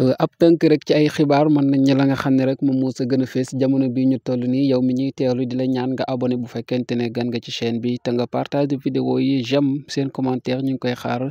Euh, ab tënk rek ci ay xibaar mën nañ ñi la nga xam ne rek moom moo sa gën a fees jamono bi ñu toll nii yow mi ñuy teewlu di la ñaan nga abonné bu fekkente ne gan nga ci chaîne te nga partage vidéo yi seen commentaire ñu ngi koy xaar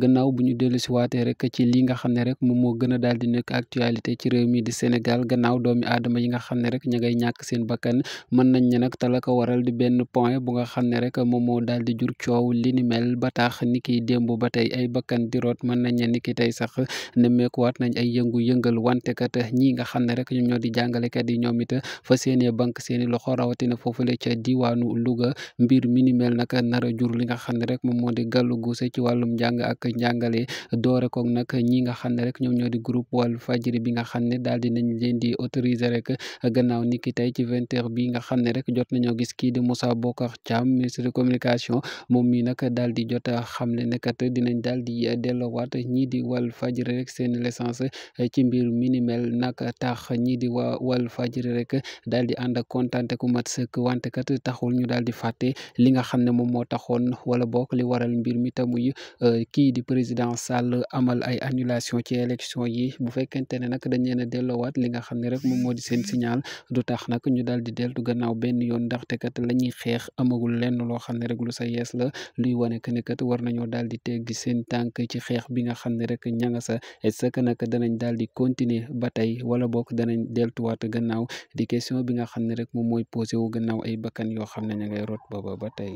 gannaaw bu ñu dellu si rek ci lii nga xam ne rek moom moo gën a daal di nekk actualité ci réew mi di Sénégal gannaaw doomi aadama yi nga xam ne rek ña ngay ñàkk seen bakkan mën nañ ñe nag te la ko waral di benn point bu nga xam ne rek moom moo daal di jur coow li ni mel ba tax ni kiy démb ba tey ay bakkan di mën nañ ne ni ki tey sax nemmeekuwaat nañ ay yëngu-yëngal wante kat ñi nga xam ne rek ñoom ñoo seeni banque seeni loxo rawatina foofule ca diwaanu Louga mbir mi ni mel nag a li nga xam ne rek moo di gàllu guuse ci wàllum njàng ak njàngale doore koog nag ñi nga xam ne rek ñoom ñoo di groupe Walf Fadjri bi nga xam ne daal di nañ leen di autoriser rek gannaaw niki tey ci vingt heures bi nga xam ne rek jot nañoo gis kii di Moussa Bocar Thiam ministre de communication moom mi nag daal di jot a xamle ne kat dinañ daal di delloowaat ñii di Walf Fadjri rek seen licence ci mbir mi ni nag tax ñi di waa wal fajri rek daal di ànd ak kontante ku mat sëkk wante kat taxul ñu daal di fàtte li nga xam ne moom moo taxoon wala bokk li waral mbir mi tamuy euh, kii di président Sall amal ay annulation ci élection yi bu fekkente ne nag dañ leen a delloowaat li nga xam ne rek moom moo di seen signal du tax nag ñu daal di dellu gannaaw benn yoon ndaxte kat la ñuy xeex amagul lenn loo xam ne rek sa yees la luy wane que ne kat war nañoo daal di teggi seen tànk ci xeex bi nga xam ne rek danañ daal di continuer ba tey wala bokk danañ deltuwaat gannaaw di question bi nga xam ne rek moom mooy posé wu gannaaw ay bakkan yoo xam ne ña ngay rot booba ba tey